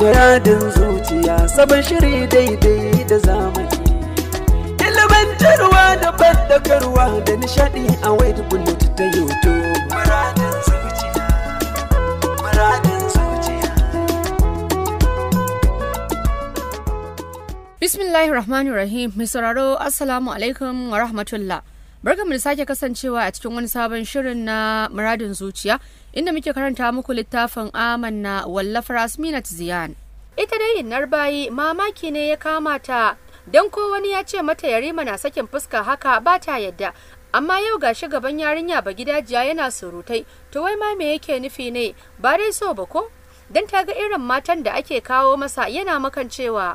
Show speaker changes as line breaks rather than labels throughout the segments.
Muradin zuciya sabon shiri daidai da zamani Ilimantarwa da bandakarwa da nishadi a wade bullet ta YouTube Muradin zuciya Muradin zuciya Bismillahirrahmanirrahim Mai sauraro Assalamu alaikum wa rahmatullah Barkamu da sake kasancewa a cikin wani sabon shirin na muradin zuciya inda muke karanta muku littafin amanna wallafar asminat ziyan ita dai innar bayi mamaki ne ya kama ta don ko wani ya ce mata yarima na sakin fuska haka ba ta yadda amma yau gashi gaban yarinya ba gida jiya yana surutai to wai ma me yake nufi ne ba dai so ba ko don ta ga irin matan da ake kawo masa yana makancewa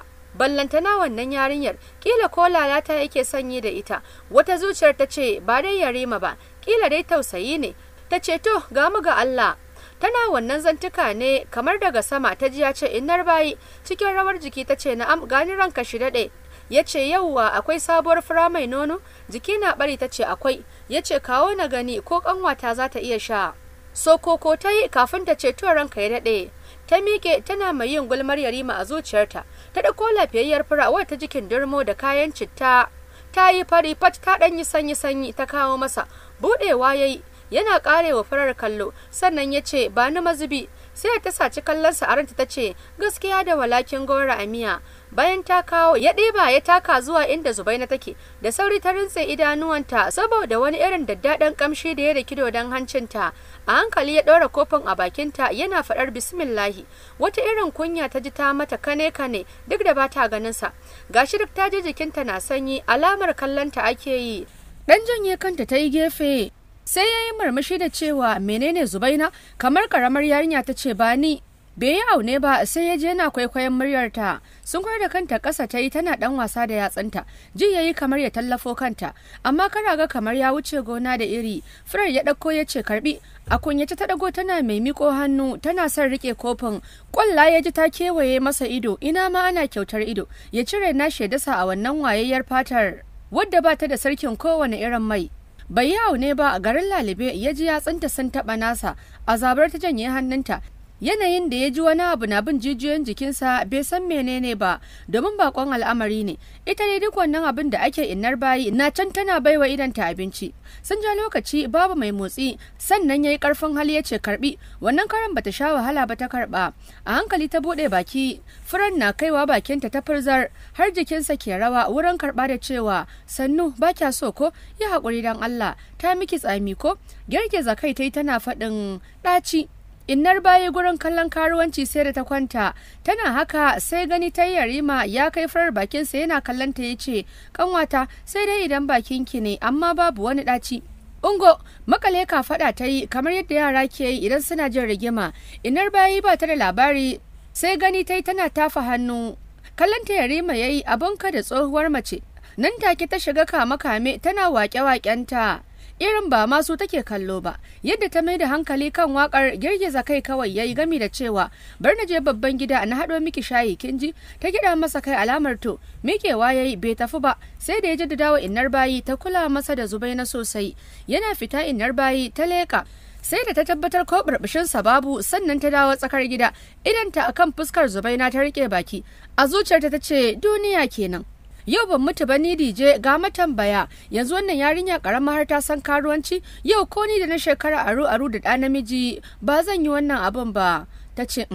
na wannan yarinyar kila ko lalata yake sanyi da ita wata zuciyar ta ce ba dai yarima ba kila dai tausayi ne ta ce to ga mu ga Allah tana wannan zantuka ne kamar daga sama ta ji ya ce innar bayi cikin rawar jiki ta ce na'am gani ranka shi daɗe ya ce yauwa akwai sabuwar fura mai nono jiki na bari ta ce akwai ya ce kawo na gani ko kanwata za ta iya sha sokoko ta yi kafin ta ce to ranka ya daɗe ta miƙe tana mai yin gulmar yarima a zuciyarta ta ɗauko lafiyayyar fura wadda ta jikin durmo da kayan citta ta yi fari fat ta ɗan yi sanyi sanyi ta kawo masa buɗewa ya yi yana karewa farar kallo sannan ya ce ba ni mazubi sai ta saci kallonsa a ranta ta ce gaskiya da walakin gora a miya bayan ta kawo ya ɗiba ya taka zuwa inda zubaina take da sauri ta rintse idanuwanta saboda wani irin daddaɗan kamshi da ya da kido dodon hancinta a hankali ya ɗora kofin a bakinta yana faɗar bismillahi wata irin kunya ta ji ta mata kane kane duk da bata ganinsa gashi duk ta ji jikinta na sanyi alamar kallonta ake yi dan janye kanta ta yi gefe sai ya yi murmushi da cewa menene zubaina kamar karamar yarinya ta ce ba ni bai yi aune ba sai ya je yana kwaikwayon muryarta sun kwar da kanta ƙasa ta yi tana ɗan wasa da yatsunta ji ya yi kamar ya tallafo kanta amma kara ga kamar ya wuce gona da iri firar ya ɗauko ya ce karɓi. a kunyace ta ɗago tana mai miko hannu tana son riƙe kofin ƙwalla ya ji ta kewaye masa ido ina ma ana kyautar ido ya cire na shaidasa a wannan wayayyar fatar wadda ba ta da sarkin kowane irin mai bai yawo ne ba a garin lalibe ya ji yatsunta sun taɓa nasa a zabar ta janye hannunta yanayin da ya ji wani abu na bin jijiyoyin jikinsa bai san menene ba domin bakon al'amari ne ita ne duk wannan abin da ake innar bayi na can tana baiwa idan ta abinci sun ja lokaci babu mai motsi sannan ya yi karfin hali ya ce karbi wannan karan bata sha wahala ba ta karba a hankali ta bude baki furan na kaiwa bakinta ta furzar har jikinsa ke rawa wurin karba da cewa sannu ba kya so ko yi hakuri dan Allah ta miki tsami ko girgiza kai ta yi tana faɗin ɗaci Innar baya gurin kallon karuwanci sai da ta kwanta, tana haka sai gani ta yarima ya kai farar bakinsa yana kallon ta ya ce, Kanwata sai dai idan bakin ki ne amma babu wani ɗaci. Ungo, makale ka faɗa ta yi kamar yadda yara ke yi idan suna jin rigima. Innar bayi ba ta da labari sai gani ta yi tana tafa hannu. Kallon ta yarima ya yi ka da tsohuwar mace. Nan take ta shiga kame-kame tana waƙe-waƙenta. irin ba masu take kallo ba yadda ta mai da hankali kan wakar girgiza kai kawai yayi gami da cewa bar na je babban gida na haɗo miki shayi kinji ta gida masa kai alamar to mikewa yayi bai tafi ba sai da ya jaddada wa innar bayi ta kula masa da zubai na sosai yana fita innar bayi ta leka sai da ta tabbatar ko sa babu sannan ta dawo tsakar gida idanta akan fuskar zubaina ta rike baki a zuciyarta ta ce duniya kenan yau ban mutu ba ni DJ. ga matambaya yanzu wannan yarinya karamar har ta san karuwanci yau ko ni da na shekara aru aru da ɗa namiji ba zan yi wannan abin ba ta ce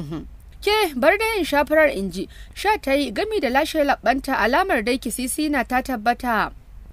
ke bar da yin shafarar inji sha ta yi gami da lashe labanta alamar dai kisisi na ta tabbata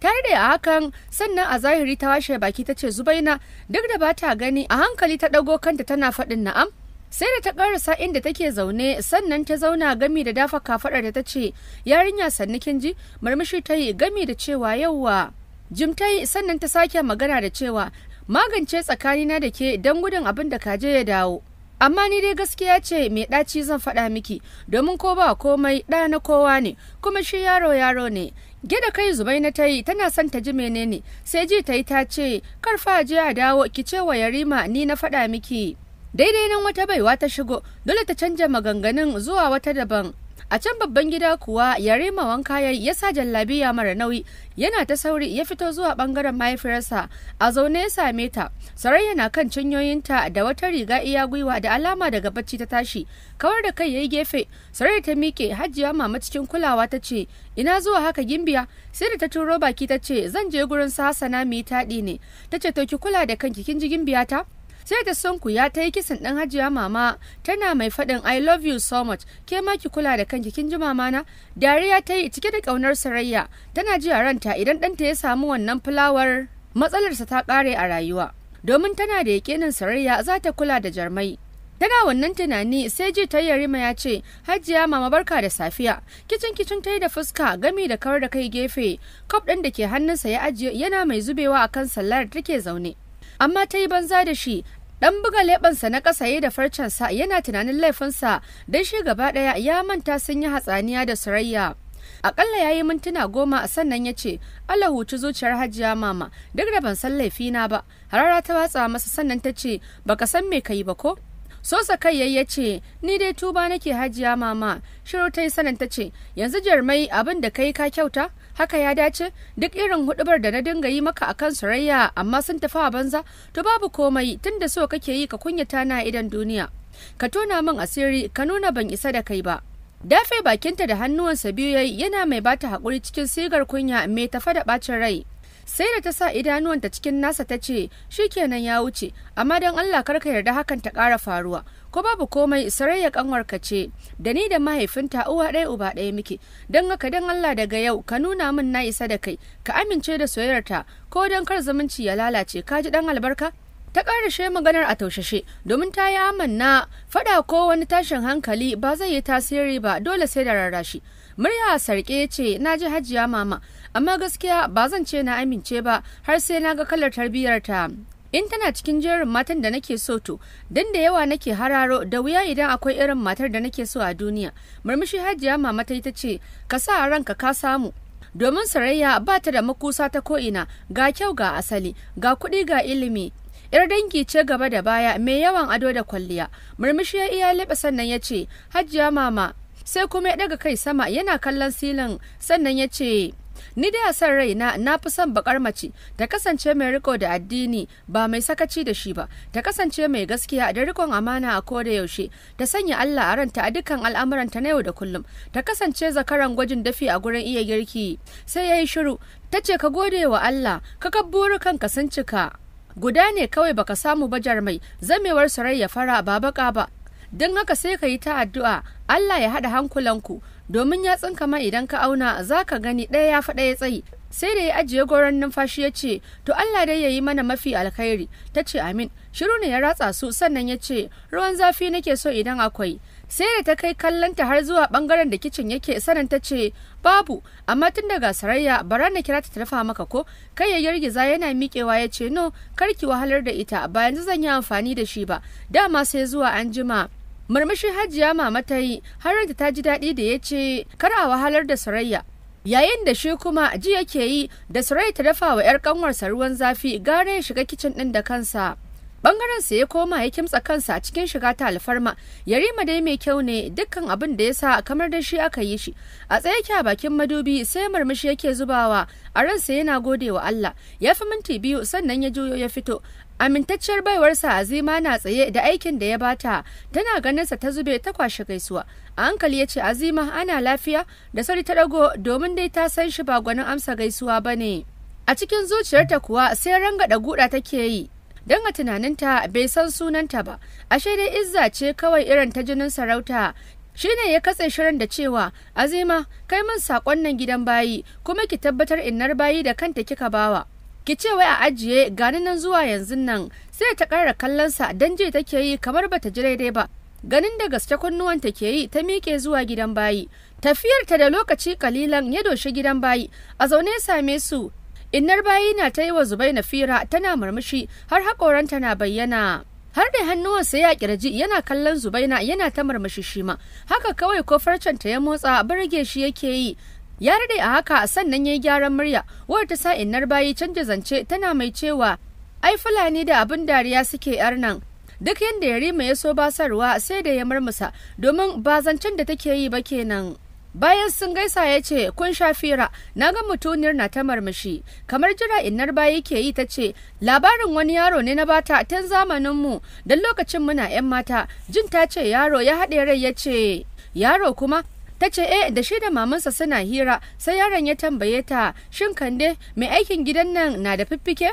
tare da a hakan sannan a zahiri ta washe baki ta ce zubaina duk da ba ta gani a hankali ta ɗago kanta tana faɗin na'am sai da ta karasa inda take zaune sannan ta zauna gami da dafa kafaɗar da ta ce yarinya sannu kin ji murmushi ta yi gami da cewa yauwa jim ta yi sannan ta sake magana da cewa magance tsakanina da ke don gudun abin da kaje ya dawo amma ni dai gaskiya ce mai ɗaci zan faɗa miki domin ko ba komai ɗa na kowa ne kuma shi yaro yaro ne gida kai zubai na yi tana son ta ji menene sai ji ta yi ta ce karfa je a dawo ki ce wa yarima ni na faɗa miki daidai nan wata baiwa ta shigo dole ta canja maganganun zuwa wata daban a can babban gida kuwa yarima wanka ya sa jallabiya mara nauyi yana ta sauri ya fito zuwa bangaren mahaifiyarsa a zaune ya same ta sarayya na kan cinyoyinta da wata riga iya gwiwa da alama daga bacci ta tashi kawar da kai yayi gefe sarai ta mike hajjiya mama cikin kulawa ta ce ina zuwa haka gimbiya sai da ta turo baki ta ce zan je gurin sasana mu yi taɗi ne ta ce to ki kula da kanki kin ji gimbiya ta sai da sonku ya ta yi kisan ɗan hajiya mama tana mai faɗin i love you so much ke ma ki kula da kanki kin ji mama na dariya ta yi cike da ƙaunar sarayya tana ji a ranta idan ɗanta ya samu wannan fulawar matsalarsa ta kare a rayuwa domin tana da yaƙinin sarayya za ta kula da jarmai Tana wannan tunani sai ji ta yarima ya ce, Hajiya mama barka da safiya, kicin kicin ta yi da fuska gami da kawar da kai gefe, kop ɗin da ke hannunsa ya ajiye yana mai zubewa a kan sallar da take zaune. Amma ta yi banza da shi, Dan buga leɓensa na kasaye da farcensa yana tunanin laifinsa don shi gaba ɗaya ya manta sun yi hatsaniya da surayya. Akalla ya yi mintuna goma a sannan ya ce, Allah huci zuciyar hajiya mama, duk da ban san laifi na ba. Harara ta watsa masa sannan ta ce, baka san me ka ba ko? Sosa kai ya ce, Ni dai tuba nake hajiya mama, shiru ta yi sanin ta ce, Yanzu jarmai abin da kai ka kyauta? haka ya dace duk irin hudubar da na dinga yi maka akan sarayya amma sun tafi a banza to babu komai tunda so kake yi ka kunyata na idan duniya ka tona min asiri ka nuna ban isa da kai ba dafe bakinta da hannuwansa biyu yayi yana mai bata hakuri cikin sigar kunya mai tafa da ɓacin rai sai da ta sa idanuwanta cikin nasa ta ce shi kenan ya wuce amma don allah kar ka yarda hakan ta kara faruwa ko babu komai sarayya kanwarka ce da ni da mahaifinta uwa ɗaya uba ɗaya muke don haka don allah daga yau ka nuna min na isa da kai ka amince da soyayyarta ko don kar zumunci ya lalace ka ji ɗan albarka ta ƙarashe maganar a taushashe domin ta yi amanna faɗa ko wani tashin hankali ba zai yi tasiri ba dole sai da rarrashi murya sarƙe ce na ji hajiya mama amma gaskiya ba zan ce na amince ba har sai na ga kalar tarbiyyar ta in tana cikin jerin matan da nake so to dan da yawa nake hararo da wuya idan akwai irin matar da nake so a duniya murmushi hajiya mama ta ita ce ka sa a ranka ka samu domin sarayya ba ta da makusa ta ko'ina ga kyau ga asali ga kuɗi ga ilimi yar dangi ce gaba da baya mai yawan ado da kwalliya murmushi ya iya liɓa sannan ya ce hajiya mama sai kuma ya ɗaga kai sama yana kallon silin sannan ya ce ni dai a san raina na fi son bakar mace ta kasance mai riko da addini ba mai sakaci da shi ba ta kasance mai gaskiya da rikon amana a koda yaushe ta sanya Allah a ranta a dukkan al'amuranta na yau da kullum ta kasance zakaran gwajin dafi a gurin iya girki sai ya yi shiru ta ce ka gode wa Allah ka kabburu kanka sun cika guda ne kawai baka samu bajar mai zamewar ya fara ba baka ba don haka sai ka yi ta addu'a Allah ya haɗa hankulanku domin ya tsinka ma idan ka auna za ka gani ɗaya ya faɗa ya tsayi sai da ya ajiye goron numfashi ya ce to Allah dai ya yi mana mafi alkhairi ta ce amin shiru ne ya ratsa su sannan ya ce ruwan zafi nake so idan akwai sai da ta kai kallonta har zuwa bangaren da kicin yake sanin ta ce babu amma tun daga sarayya bara na kira ta tarfa maka ko kai ya girgiza yana miƙewa ya ce no karki wahalar da ita bayan yanzu zan yi amfani da shi ba dama sai zuwa anjima. jima murmushi hajiya mama ta yi har da ta ji daɗi da ya ce kar a wahalar da sarayya yayin da shi kuma ji yake yi da sarai ta dafa wa 'yar kanwarsa ruwan zafi gare ya shiga kicin ɗin da kansa bangaren sa ya koma ya kimtsa kansa a cikin shiga ta alfarma yarima dai mai kyau ne dukkan abin da ya sa kamar da shi aka yi shi a tsaye a bakin madubi sai murmushi yake zubawa a ransa yana gode wa Allah ya fi minti biyu sannan ya juyo ya fito Amintacciyar baiwarsa Azima na tsaye da aikin da ya bata, tana ganinsa ta zube ta kwashe gaisuwa. A hankali ya ce Azima ana lafiya da sauri ta ɗago domin dai ta san shi ba gwanin amsa gaisuwa ba ne. A cikin zuciyarta kuwa sai rangada guda take yi. Don a tunaninta bai san sunanta ba, ashe dai Izza ce kawai irin ta jinin sarauta shi ne ya katse shirin da cewa azima kai min saƙon nan gidan bayi kuma ki tabbatar innar bayi da kanta kika bawa ki ce wai a ajiye gani nan zuwa yanzu nan sai ta ƙara kallonsa don je take yi kamar bata ji daidai ba ganin da gaske kunnuwanta ke yi ta miƙe zuwa gidan bayi tafiyarta da lokaci kalilan ya doshi gidan bayi a zaune same su innar bayi na ta yi wa zubaina fira tana murmushi har haƙoranta na bayyana har da hannuwansa ya kirji yana kallon zubaina yana ta murmushi shi ma haka kawai ko farcenta ya motsa burge shi yake yi ya daɗe a haka sannan ya yi gyaran murya ta sa innar bayi canja zance tana mai cewa ai fulani da abin dariya suke yar nan duk yadda yarima ya so basarwa sai da ya murmusa domin ba zancen da take yi ba kenan bayan sun gaisa ya ce kun sha fira na ga mutuniyar na ta marmashi kamar jira innar bayi ke yi ta ce labarin wani yaro ne na bata tun zamaninmu don lokacin muna 'yan mata jin ta ce yaro ya haɗe rai ya ce yaro kuma ta ce eh da shi da mamansa suna hira sai yaron ya tambaye ta shin kande mai aikin gidan nan na da fiffike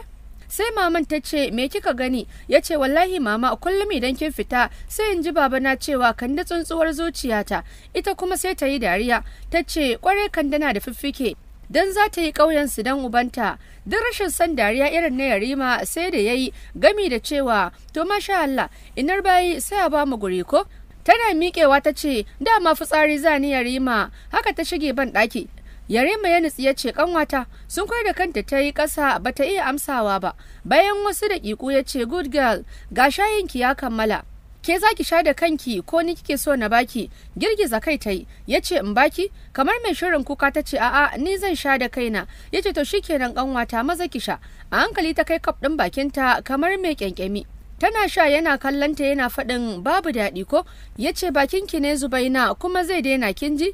sai maman ta ce me kika gani ya ce wallahi mama kullum idan kin fita sai in ji baba na cewa kande tsuntsuwar zuciyata ita kuma sai ta yi dariya ta ce kwarai kande na da fiffike don za ta yi ƙauyen su don ubanta duk rashin san dariya irin na yarima sai da yayi gami da cewa to masha Allah inar bayi sai a ba mu guri ko tana miƙewa ta ce dama fitsari za ni yarima haka ta shige ban ɗaki yarima ya nutsi ya ce kanwata sun kwai da kanta ta yi ƙasa ba ta iya amsawa ba bayan wasu daƙiƙu ya ce good girl ga shayinki ya kammala ke za ki sha da kanki ko ni kike so na baki girgiza kai ta yi ya ce in baki kamar mai shirin kuka ta ce a'a ni zan sha da kaina ya ce to shikenan kanwata maza ki sha a hankali ta kai kaf ɗin bakinta kamar mai kyankyami tana sha yana kallanta yana faɗin babu daɗi ko ya ce bakin ki ne zubaina kuma zai daina kin ji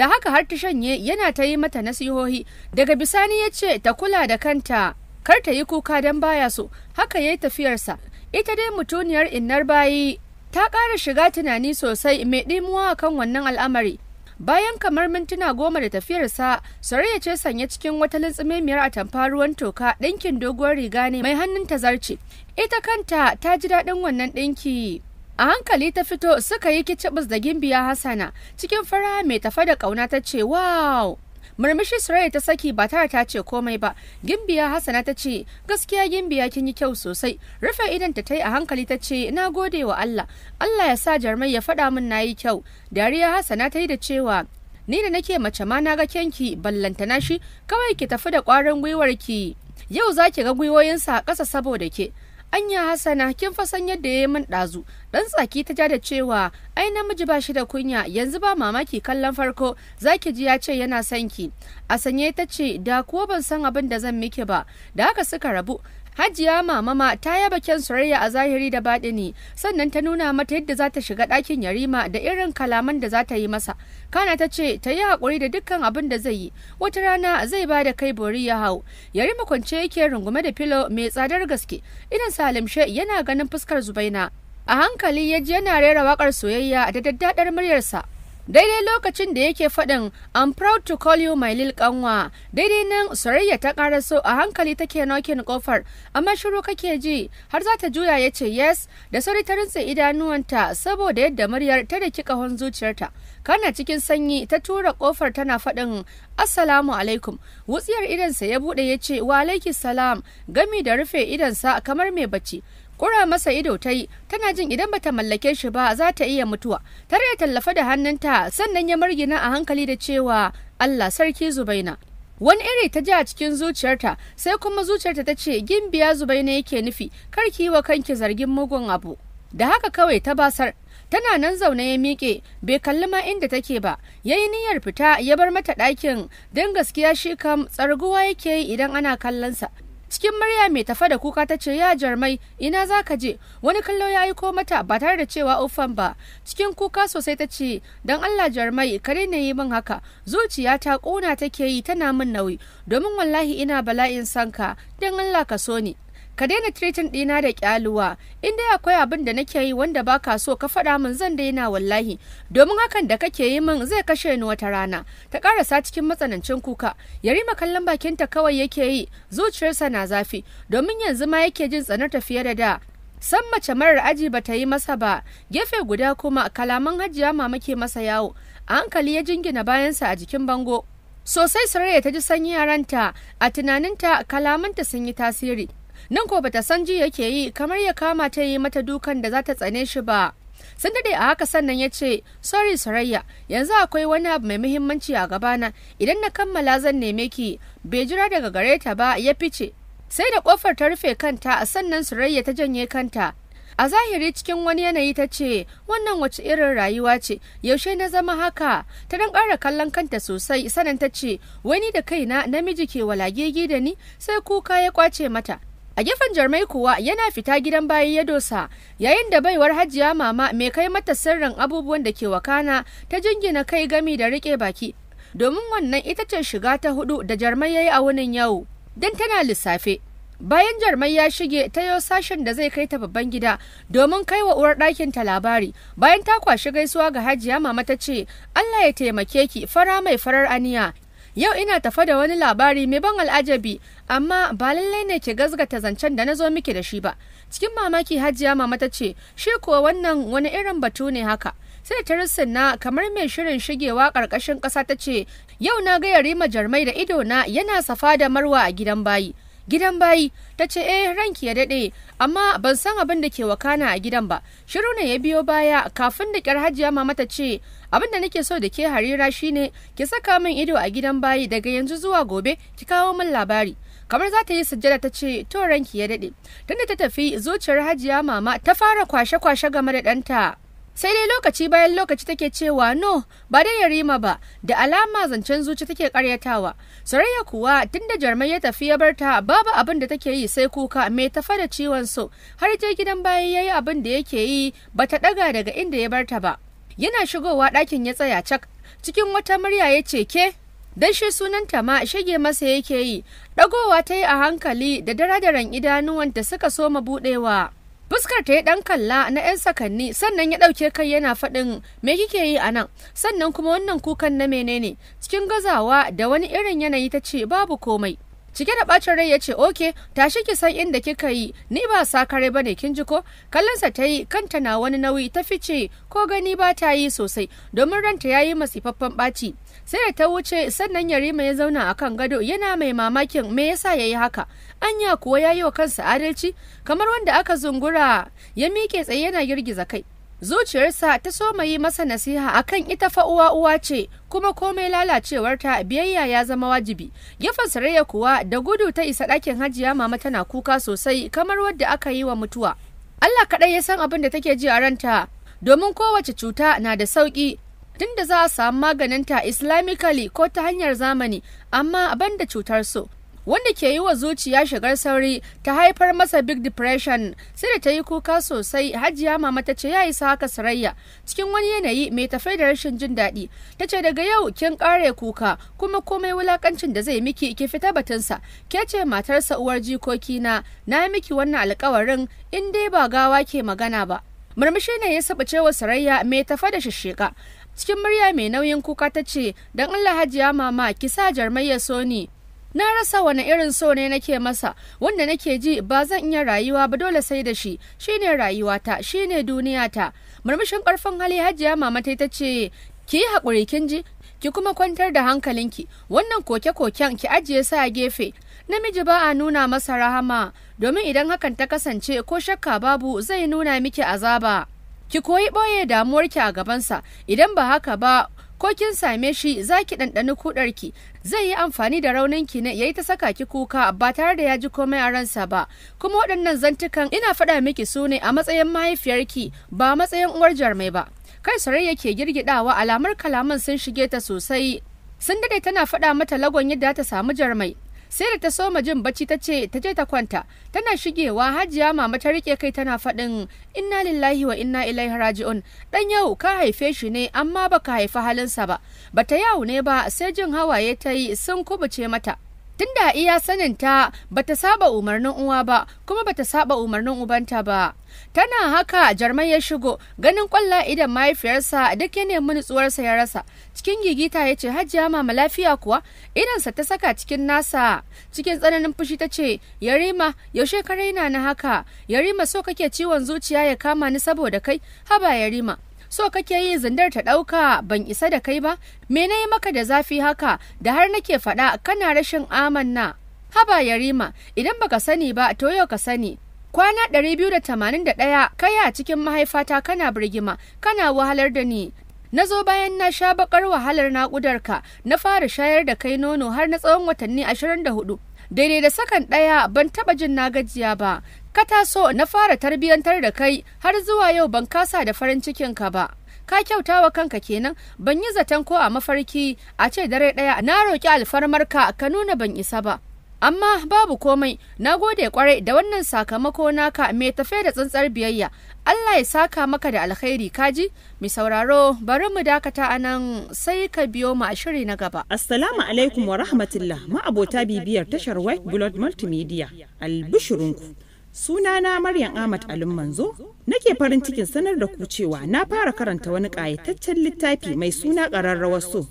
da haka har ta shanye yana ta yi mata nasihohi daga bisani ya ce ta kula da kanta kar ta yi kuka don baya so haka ya yi tafiyarsa ita dai mutuniyar innar bayi ta ƙara shiga tunani sosai mai ɗimuwa kan wannan al'amari bayan kamar mintuna goma da tafiyarsa ya ce sanya cikin wata lintsumemiyar atamfa ruwan toka ɗinkin doguwar riga ne mai hannun tazarci ita kanta ta ji daɗin wannan ɗinki a hankali ta fito suka yi kicibis da gimbiya Hassana. cikin fara mai tafa da ƙauna ta ce wow murmushi Suraya ta saki ba tare ta ce komai ba. Gimbiya Hassana ta ce, "Gaskiya Gimbiya kin yi kyau sosai." Rufe idan ta tai a hankali ta ce, "Na gode wa Allah. Allah ya sa jarmai ya faɗa min na yi kyau." Dariya Hassana ta yi da cewa, "Ni da nake mace ma na ga kyanki ballantana shi, kawai ki tafi da ƙwarin gwiwar ki." Yau za ki ga gwiwoyinsa a ƙasa saboda ke, anya Hassana kin fa san yadda ya min dazu dan tsaki ta ja da cewa ai namiji ba shi da kunya yanzu ba mamaki kallon farko zaki ji ya ce yana son ki a sanye ta ce da kuwa ban san abin da zan miki ba da haka suka rabu Hajiya mama ta yaba kyan soyayya a zahiri da baɗi baɗini sannan ta nuna mata yadda za ta shiga ɗakin yarima da irin kalaman da za ta yi masa. Kana ta ce ta yi haƙuri da dukkan abin da zai yi wata rana zai ba da kai bori ya hau. Yarima kwance yake rungume da filo mai tsadar gaske idan salimshe yana ganin fuskar Zubaina. A hankali ya ji yana rera waƙar soyayya da daddadar muryarsa. daidai lokacin da yake faɗin I'm proud to call you my lil kanwa daidai nan Sarayya ta ƙara so a hankali take nokin kofar amma shiru kake ji har za ta juya ya ce yes da sauri ta rintse idanuwanta saboda yadda muryar ta da kahon zuciyarta kana cikin sanyi ta tura kofar tana faɗin assalamu alaikum wutsiyar idansa ya buɗe ya ce wa alaiki salam gami da rufe idansa kamar mai bacci Kura masa ido ta yi, tana jin idan bata mallake shi ba za ta iya mutuwa. Tare da tallafa da hannunta sannan ya margina a hankali da cewa Allah sarki Zubaina. Wani iri ta ji a cikin zuciyarta sai kuma zuciyarta ta ce gimbiya Zubaina yake nufi kar ki yi wa kanki zargin mugun abu. Da haka kawai ta basar tana nan zaune ya miƙe bai kalli ma inda take ba ya yi niyyar fita ya bar mata ɗakin don gaskiya shi kam tsarguwa yake yi idan ana kallonsa cikin murya mai tafa da kuka ta ce ya jarmai ina za ka je wani kallo ya aiko mata ba tare da cewa ofan ba cikin kuka sosai ta ce don allah jarmai ka daina yi min haka zuciya ta ƙuna take yi tana min nauyi domin wallahi ina bala'in sanka don allah ka so ni ka daina tiretin ɗina da kyaluwa in dai akwai abin da nake yi wanda baka so ka faɗa min zan daina wallahi domin hakan da kake yi min zai kashe ni wata rana ta karasa cikin matsanancin kuka yarima kallon bakinta kawai yake yi zuciyarsa na zafi domin yanzu ma yake jin tsanar fiye da da san mace marar aji ba ta yi masa ba gefe guda kuma kalaman hajiya mama masa yawo a hankali ya jingina bayansa a jikin bango sosai sarai ta ji sanyi yaranta a tunaninta kalamanta sun yi tasiri nan ko bata san ji yake yi kamar ya kama ta yi mata dukan da za ta tsane shi ba sun dade a haka sannan ya ce sorry sarayya yanzu akwai wani abu mai muhimmanci a gabana idan na kammala zan neme ki bai jira daga gare ta ba ya fice sai da kofar ta rufe kanta a sannan surayya ta janye kanta a zahiri cikin wani yanayi ta ce wannan wace irin rayuwa ce yaushe na zama haka ta dan ƙara kallon kanta sosai sanan ta ce wani da kaina namiji ke walagegi da ni sai kuka ya kwace mata a gefen jarmai kuwa yana fita gidan bayan ya dosa yayin da baiwar hajiya mama mai kai mata sirrin abubuwan da ke wakana ta jingina kai gami da rike baki domin wannan ita ce shiga ta hudu da jarmai ya yi a wunin yau don tana lissafe bayan jarmai ya shige ta yau sashen da zai kai ta babban gida domin kai wa uwar ɗakin ta labari bayan ta kwashi gaisuwa ga hajiya mama ta ce allah ya taimake ki fara mai farar aniya Yau ina tafa da wani labari mai ban al'ajabi, amma ba lallai ne ke gazgata zancen da na zo miki da shi ba. Cikin mamaki hajiya mama ta ce, shi kuwa wannan wani irin batu ne haka. Sai ta na kamar mai shirin shigewa ƙarƙashin ƙasa ta ce, yau na ga yarima jarmai da ido na yana safa da marwa a gidan bayi. gidan bayi ta ce eh ranki ya daɗe amma ban san abin da ke wakana a gidan ba shiru ne ya biyo baya kafin da kyar hajiya mama ta ce abin da nake so da ke harira shine ki saka min ido a gidan bayi daga yanzu zuwa gobe ki kawo min labari kamar za ta yi sujjada ta ce to ranki ya daɗe tunda ta tafi zuciyar hajiya mama ta fara kwashe-kwashe game da ɗanta sai dai lokaci bayan lokaci take cewa no ba dai yarima ba da alama zancen zuci take karyatawa sarayya kuwa tunda jarmai ya tafi ya barta babu abin da take yi sai kuka mai tafa da ciwon so har je gidan bayan yayi abin da yake yi bata daga daga inda ya barta ba yana shigowa ɗakin ya tsaya cak cikin wata murya ya ce ke dan shi sunanta ma shige masa yake yi dagowa ta yi a hankali da idanuwan idanuwanta suka soma buɗewa. fuskar ta yi dan kalla na yan sakanni sannan ya dauke kai yana faɗin me kike yi a nan sannan kuma wannan kukan na menene cikin gazawa da wani irin yanayi ta ce babu komai cike da bacin rai ya ce oke tashi ki san inda kika yi ni ba sakare bane kin ji ko kallonsa ta yi kanta na wani nauyi ta fice ko gani ba ta yi sosai domin ranta ya yi masifaffen ɓaci sai da ta wuce sannan yarima ya zauna a kan gado yana mai mamakin me yasa ya yi haka anya kuwa ya yi wa kansa adalci kamar wanda aka zungura ya miƙe tsaye yana girgiza kai zuciyarsa ta soma yi masa nasiha akan ita fa uwa uwa ce kuma komai lalacewarta biyayya ya zama wajibi gefen sarayya kuwa da gudu ta isa ɗakin hajiya mama tana kuka sosai kamar wadda aka yi wa mutuwa Allah kaɗai ya san abin da take ji a ranta domin kowace cuta na da sauƙi tunda za a samu maganinta islamically ko ta hanyar zamani amma abin da cutar su wanda ke yi wa zuciya shigar sauri ta haifar masa big depression sai da ta yi kuka sosai hajiya mama ta ce ya isa haka sarayya cikin wani yanayi mai tafai da rashin jin daɗi ta ce daga yau kin kare kuka kuma komai wulakancin da zai miki ki fita batunsa ke ce matarsa uwar jikoki na na miki wannan alkawarin in dai ba gawa ke magana ba murmushi ne ya saba cewa sarayya mai tafa da shisheka cikin murya mai nauyin kuka ta ce don allah hajiya mama ki sa ya so ni na rasa wani irin so ne nake masa wanda nake ji ba zan iya rayuwa ba dole sai da shi shine rayuwata shine duniyata murmushin karfin hali hajiya mama ta ce ki yi haƙuri kin ji ki kuma kwantar da hankalinki wannan koke-koken ki ajiye sa a gefe namiji ba a nuna masa rahama domin idan hakan ta kasance ko shakka babu zai nuna miki azaba. ki koyi ɓoye damuwarki a gabansa idan ba haka ba ko kin same shi za ki ɗanɗani kuɗarki zai yi amfani da rauninki ne ya yi ta saka ki kuka ba tare da ya ji komai a ransa ba kuma waɗannan zantukan ina faɗa miki su ne a matsayin mahaifiyarki ba matsayin uwar jarmai ba kai sarayya ke girgidawa alamar kalaman sun shige ta sosai sun dade tana faɗa mata lagon yadda ta samu jarmai sai da ta soma jin bacci ta ce ta je ta kwanta tana shigewa hajiya mama ta rike kai tana faɗin inna lillahi wa inna ilaihi raji'un dan yau ka haife shi ne amma baka haifi halinsa ba bata yawu ne ba sai jin hawaye ta yi sun kubuce mata tunda iya saninta bata saba umarnin uwa ba kuma bata saba umarnin ubanta ba tana haka jarmai ya shigo ganin kwalla idan mahaifiyarsa duk ya nemi nutsuwarsa ya rasa cikin gigita ya ce hajiya mama lafiya kuwa idansa ta saka cikin nasa cikin tsananin fushi ta ce yarima yaushe ka raina na haka yarima so kake ciwon zuciya ya kama ni saboda kai haba yarima so kake yin zindar ta ɗauka ban isa da kai ba me na yi maka da zafi haka da har nake faɗa kana rashin amanna haba yarima idan baka sani ba to yau ka sani kwana ɗari biyu da da 281 kai a cikin mahaifata kana birgima kana wahalar da ni na zo bayan na sha bakar wahalar naƙudarka na fara shayar da kai nono har na tsawon watanni ashirin da hudu. daidai da sakan ɗaya ban taɓa jin na gajiya ba ka taso na fara tarbiyyantar da kai har zuwa yau ban kasa da farin cikin ka ba ka kyauta wa kanka kenan ban yi zaton ko a mafarki a ce dare ɗaya na roƙi alfarmar ka ka nuna ban isa ba amma babu komai na gode kwarai da wannan sakamako naka mai tafe da tsantsar biyayya Allah ya saka maka da alkhairi kaji mi sauraro bari mu dakata a nan sai ka biyo mu a shiri na gaba assalamu alaikum wa rahmatullah ma abota bibiyar tashar white blood multimedia albishirinku Sunana Maryam Ahmad Alin Manzo, nake farin cikin sanar da ku cewa na fara karanta wani ƙayataccen littafi mai suna ƙararrawar so.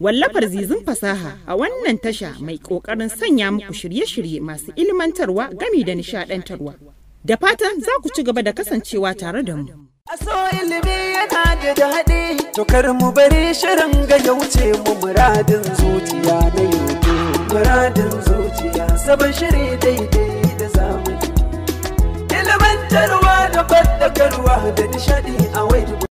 Wallafar zizin fasaha a wannan tasha mai ƙoƙarin sanya muku shirye-shirye masu ilmantarwa gami da nishaɗantarwa. Da fatan za ku ci gaba da kasancewa tare da mu. Aso ilimi yana da daɗi, to mu bari shirin ga wuce mu muradin zuciya na Muradin zuciya, sabon shiri daidai. Ilimantarwa da fadakarwa da nishadi a waidu